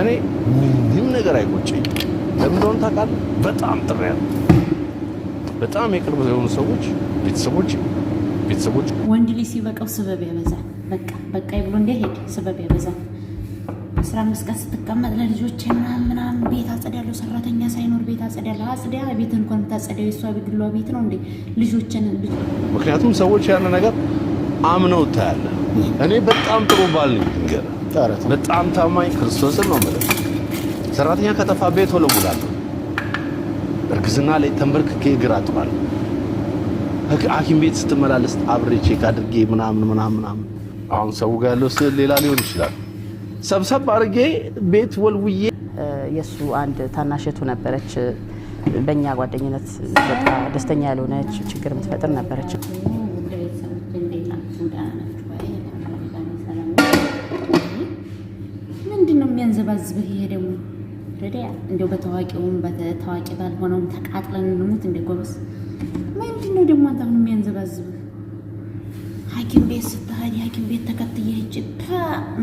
እኔ ምንም ነገር አይቆጨኝ። ለምን እንደሆነ ታውቃለህ? በጣም ጥሬ ያለው በጣም የቅርብ የሆኑ ሰዎች ቤተሰቦች ቤተሰቦች ወንድ ልጅ ሲበቀው ስበብ ያበዛል። በቃ በቃ ብሎ እንዲሄድ ስበብ ያበዛል። አስራ አምስት ቀን ስትቀመጥ ለልጆች ምናምን ምናምን ቤት አጸዳለሁ፣ ሰራተኛ ሳይኖር ቤት አጸዳለሁ። አጽዳ ቤት እንኳን የምታጸዳው የእሷ ቤት ግሏ ቤት ነው እንዴ? ልጆችን ምክንያቱም ሰዎች ያን ነገር አምነው ታያለ። እኔ በጣም ጥሩ ባል ነኝ፣ ንገር በጣም ታማኝ ክርስቶስን ነው የምልህ። ሰራተኛ ከጠፋ ቤት ሆሎ እውላለሁ። እርግዝና ላይ ተንበርክኬ እግር አጥባለሁ። ሐኪም ቤት ስትመላለስ አብሬ ቼክ አድርጌ ምናምን ምናምን ምናምን። አሁን ሰው ጋር ያለው ስዕል ሌላ ሊሆን ይችላል። ሰብሰብ አድርጌ ቤት ወልውዬ የእሱ አንድ ታናሸቱ ነበረች። በእኛ ጓደኝነት ደስተኛ ያልሆነች ችግር የምትፈጥር ነበረች። ሲያንዘባዝብህ ይሄ ደግሞ ረዳ እንደው በታዋቂውም ታዋቂ ባልሆነውም ተቃጥለን እንሙት። እንደ ጎበዝ ምንድን ነው ደግሞ አንተ አሁን የሚያንዘባዝብህ? ሐኪም ቤት ስትሄድ ሐኪም ቤት ተከትዬ ሂጅ።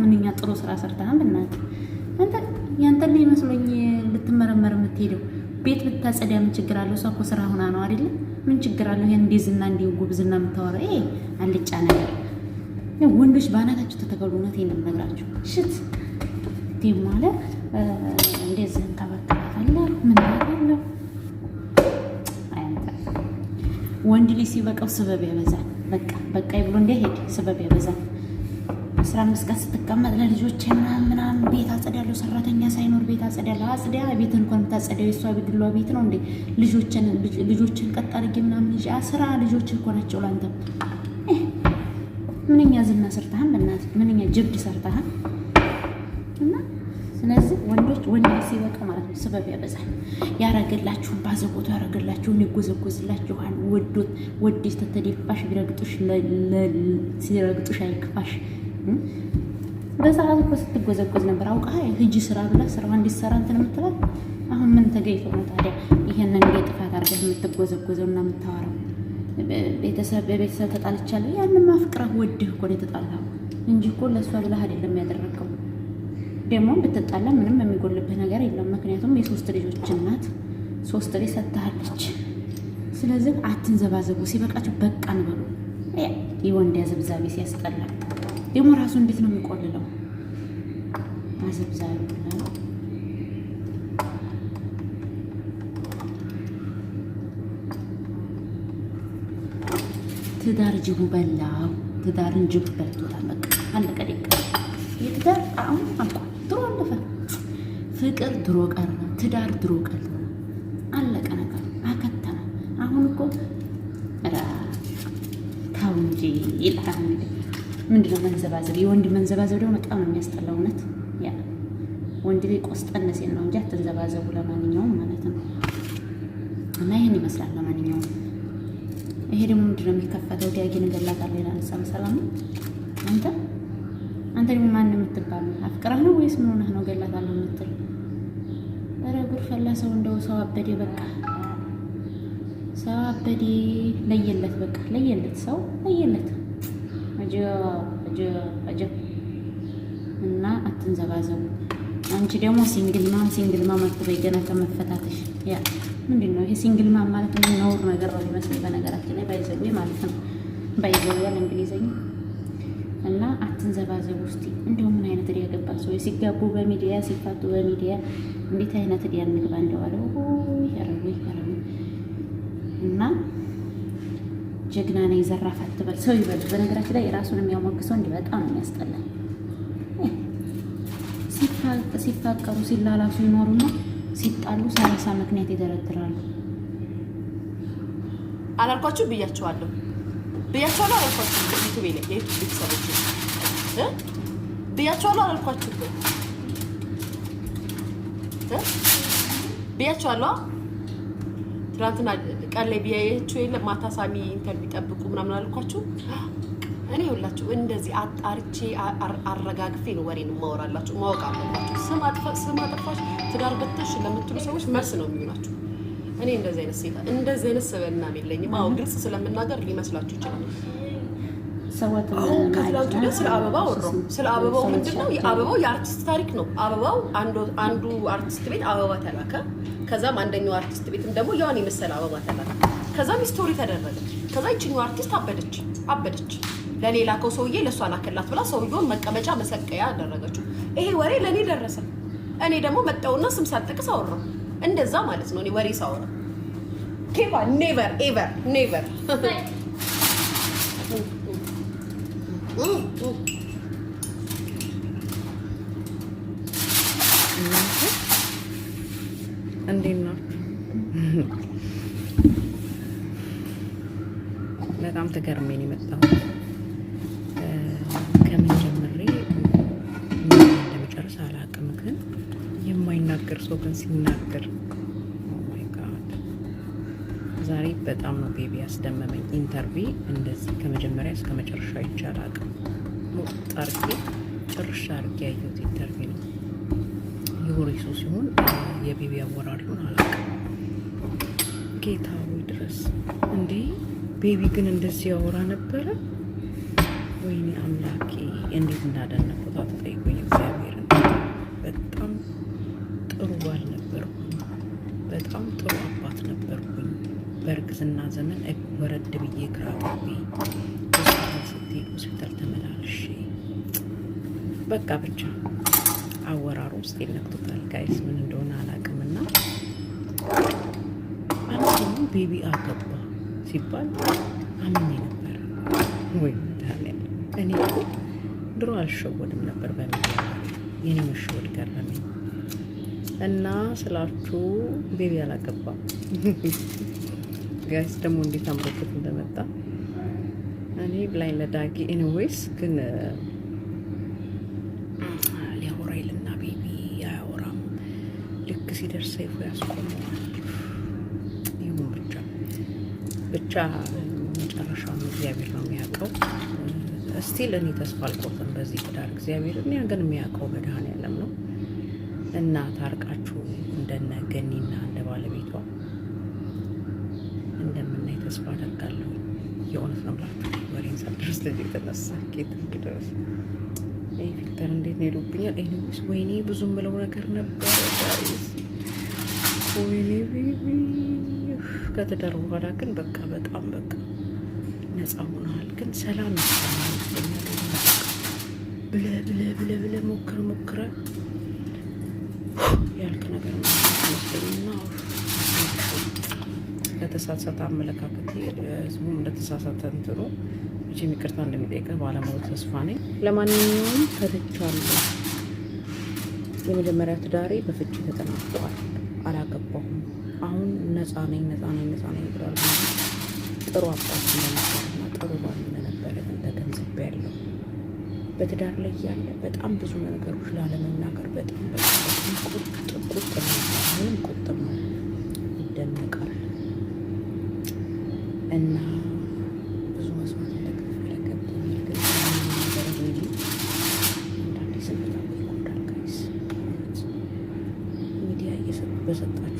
ምንኛ ጥሩ ስራ ሰርተሃል ብናት አንተ ያንተን ይመስሎኝ ልትመረመር የምትሄደው ቤት ብታጸዳ ምን ችግር አለው? እሷ እኮ ስራ ሆና ነው አይደለ? ምን ችግር አለው? ይሄን እንዲህ ዝና እንዲህ ጉብዝና የምታወራ አልጫ ነገር ወንዶች በአናታችሁ ተተከሉ። እውነቴን ነው የምነግራችሁ ሽት ዲም አለ እንደዚህ እንከባከባታለሁ። ምን ያለው ወንድ ልጅ ሲበቃው ስበብ ያበዛል። በቃ በቃ ብሎ እንዳይሄድ ስበብ ያበዛል። አስራ አምስት ቀን ስትቀመጥ ለልጆች ምናምን ቤት አጸዳለሁ፣ ሰራተኛ ሳይኖር ቤት አጸዳለሁ። አጽዳ ቤት እንኳን የምታጸዳው የእሷ ግድሏ ቤት ነው እንዴ? ልጆችን ልጆችን ቀጥ አድርጌ ምናምን ልጅ ስራ ልጆች እኮ ናቸው ላንተ። ምንኛ ዝና ሰርተሃል፣ በእናትህ ምንኛ ጀብድ ሰርተሃል። እና ስለዚህ ወንዶች ወንድ ሲበቃ ማለት ነው ስበብ ያበዛል። ያረግላችሁን ባዘቦቱ ያረግላችሁን ይጎዘጎዝላችኋል። ወዶት ወዶ ተተደፋሽ ቢረግጡሽ ሲረግጡሽ አይክፋሽ። በሰዓት እኮ ስትጎዘጎዝ ነበር አውቃ ሂጂ ስራ ብላ ስራዋ እንዲሰራ እንትን የምትላት አሁን ምን ተገኝቶ ነው ታዲያ ይሄንን እንደ ጥፋት አድርገህ የምትጎዘጎዘው እና የምታወራው? ቤተሰብ በቤተሰብ ተጣልቻለሁ። ያንን ማፍቅረህ ወድህ እኮ ነው የተጣላኸው እንጂ እኮ ለእሷ ብለህ አይደለም ያደረገው ደግሞ ብትጣላ ምንም የሚጎልብህ ነገር የለም። ምክንያቱም የሶስት ልጆች እናት ሶስት ልጅ ሰጥታሃለች። ስለዚህ አትንዘባዘቡ፣ ሲበቃችሁ በቃን በሉ። የወንድ አዘብዛቢ ሲያስጠላ ደግሞ ራሱ እንዴት ነው የሚቆልለው? አዘብዛቢ ትዳር ጅቡ በላው። ትዳርን ጅቡ በልቶታል። በቃ አንድ የትዳር አሁን ፍቅር ድሮ ቀረ፣ ትዳር ድሮ ቀረ። አለቀ ነገር አከተመ። አሁን እኮ ታው እንጂ ይጣሁ ምንድነው መንዘባዘብ? የወንድ መንዘባዘብ ደግሞ በጣም ነው የሚያስጠላው። እውነት ያ ወንድ ላይ ቆስጠን ሲል ነው እንጂ አትንዘባዘቡ። ለማንኛውም ማለት ነው እና ይህን ይመስላል። ለማንኛውም ይሄ ደግሞ ምንድነው የሚከፈተው? ዲያጌ ነገር ሌላ ሰላም አንተ አንተ ደግሞ ማን የምትባል አፍቅራህ ነው ወይስ ምን ሆነህ ነው ገላታለሁ የምትል? ፈላ ሰው እንደው ሰው አበዴ በቃ ሰው አበዴ ለየለት በቃ ለየለት ሰው ለየለት እና አትንዘባዘቡ። አንቺ ደግሞ ሲንግል ማም ሲንግል ማም አትበይ ገና ከመፈታተሽ። ያ ምንድን ነው ይሄ ሲንግል ማም ማለት? ምን ነውር ነገር ነው ይመስል በነገራችን ላይ ባይዘዌ ማለት ነው ባይዘዌ ያለ እንግሊዘኛ እና አትንዘባዘብ ውስጥ እንደው ምን አይነት እዳ ገባ ሰው ሲጋቡ በሚዲያ ሲፋቱ በሚዲያ እንዴት አይነት እዳ እንግባ እንደዋለው ረቡ ረቡ እና ጀግና ነኝ ዘራፍ አትበል ሰው ይበል። በነገራችን ላይ ራሱን የሚያሞግሰው እንዲህ በጣም ነው ሲፋቀሩ ሲላላሱ ይኖሩና ሲጣሉ ሰላሳ ምክንያት ይደረድራሉ። አላልኳችሁ ብያችኋለሁ። ብያቸዋለሁ አላልኳችሁ? ዩቱቤ ላይ የዩቱብ ቤተሰቦች ብያቸዋለሁ አላልኳችሁ? ብያቸዋለሁ። ትናንትና ቀን ላይ ብያየችው የለ ማታ ሳሚ ኢንተር ቢጠብቁ ምናምን አልኳችሁ? እኔ ሁላችሁ እንደዚህ አጣርቼ አረጋግፌ ነው ወሬን ማወራላችሁ። ማወቅ አለባችሁ። ስም አጥፋሽ ትዳር በተሽ ለምትሉ ሰዎች መልስ ነው የሚሆናችሁ። እኔ እንደዚህ አይነት ሴት እንደዚህ አይነት ስበናም የለኝም። አዎ ግልጽ ስለምናገር ሊመስላችሁ ይችላል። አሁን ከትላንቱ ግን ስለ አበባ አወራሁ። ስለ አበባው ምንድን ነው የአበባው የአርቲስት ታሪክ ነው። አበባው አንዱ አርቲስት ቤት አበባ ተላከ። ከዛም አንደኛው አርቲስት ቤትም ደግሞ ያን የመሰለ አበባ ተላከ። ከዛም ስቶሪ ተደረገ። ከዛ ይችኛው አርቲስት አበደች አበደች ለሌላ ከው ሰውዬ ለእሷ ላከላት ብላ ሰውየውን መቀመጫ መሰቀያ አደረገችው። ይሄ ወሬ ለእኔ ደረሰ። እኔ ደግሞ መጣውና ስም ሳጠቅስ አወራሁ። እንደዛ ማለት ነው እኔ ወሬ ሳወራ ኬባ ኔቨር ኤቨር ኔቨር እንዴት ነው? በጣም ተገርሜን የመጣሁት ከምን ጀምሬ እንደመጨረስ አላውቅም። ግን የማይናገር ሰው ግን ሲናገር ዛሬ በጣም ነው ቤቢ ያስደመመኝ። ኢንተርቪ እንደዚህ ከመጀመሪያ እስከ መጨረሻ ይቻላል። ሞጥ አርጌ ጭርሻ አርጌ ያየሁት ኢንተርቪ ነው። የሆሬሱ ሲሆን የቤቢ ያወራሉን አላውቅም። ጌታ ሆይ ድረስ እንዴ! ቤቢ ግን እንደዚህ ያወራ ነበረ። ወይኔ አምላኬ እንዴት እንዳደነቁት አትጠይቁኝ። እግዚአብሔርን በጣም ጥሩ ባል ነበርኩኝ። በጣም ጥሩ አባት ነበርኩኝ። በእርግዝና ዘመን ወረድ ብዬ ግራ ጣቢ ሆስፒታል ስትሄድ ሆስፒታል ተመላልሼ በቃ ብቻ አወራሩ ውስጥ ነክቶታል። ጋይስ ምን እንደሆነ አላውቅምና አንዱ ቤቢ አገባ ሲባል አምኜ ነበር ወይ ታዲያ እኔ ድሮ አልሸወድም ነበር በሚ የኔ መሸወድ ገረመኝ እና ስላችሁ ቤቢ አላገባም። ጋይስ ደግሞ እንዴት አምሮበት እንደመጣ እኔ ብላይ ለዳጊ ኤኒዌይስ ግን ሊያወራ ይልና ቤቢ አያወራም። ልክ ሲደርስ ሰይፉ ያስቆመዋል። ይሁን ብቻ ብቻ መጨረሻውን እግዚአብሔር ነው የሚያውቀው። እስቲል እኔ ተስፋ አልቆርጥም በዚህ ትዳር እግዚአብሔር እኔ ግን የሚያውቀው መድኃኔዓለም ነው እና ታርቃችሁ እንደነ ገኒና እንደ ባለቤቷ እንደምናይ ተስፋ አደርጋለሁ። የእውነት ነው ብላችሁ ወሬን ሳደርስ ልጅ የተነሳ ጌት እንግደረስ ይህ ፊልተር እንዴት ነው ሄዶብኛል። ኤኒዌይስ ወይኔ ብዙ ምለው ነገር ነበረ። ወይኔ ከተዳር በኋላ ግን በቃ በጣም በቃ ነፃ ሆነሃል። ግን ሰላም ይሰማል። ብለህ ብለህ ብለህ ብለህ ሞክረህ ያልክ ነገር ነው ይመስለኝና እንደተሳሳተ አመለካከት ህዝቡ እንደተሳሳተ እንትኑ መቼም ይቅርታ እንደሚጠይቀ ባለሙሉ ተስፋ ነኝ። ለማንኛውም ፈትቻለሁ። የመጀመሪያ ትዳሬ በፍቺ ተጠናቋል። አላገባሁም። አሁን ነፃ ነኝ፣ ነፃ ነኝ፣ ነፃ ነኝ ብሏል። ጥሩ አባት እንደነበረና ጥሩ ባል እንደነበረ እንደገንዘብ ያለው በትዳር ላይ ያለ በጣም ብዙ ነገሮች ላለመናገር በጣም በጣም ቁጥ ቁጥ ምንም ቁጥም ነው በሰጣቸው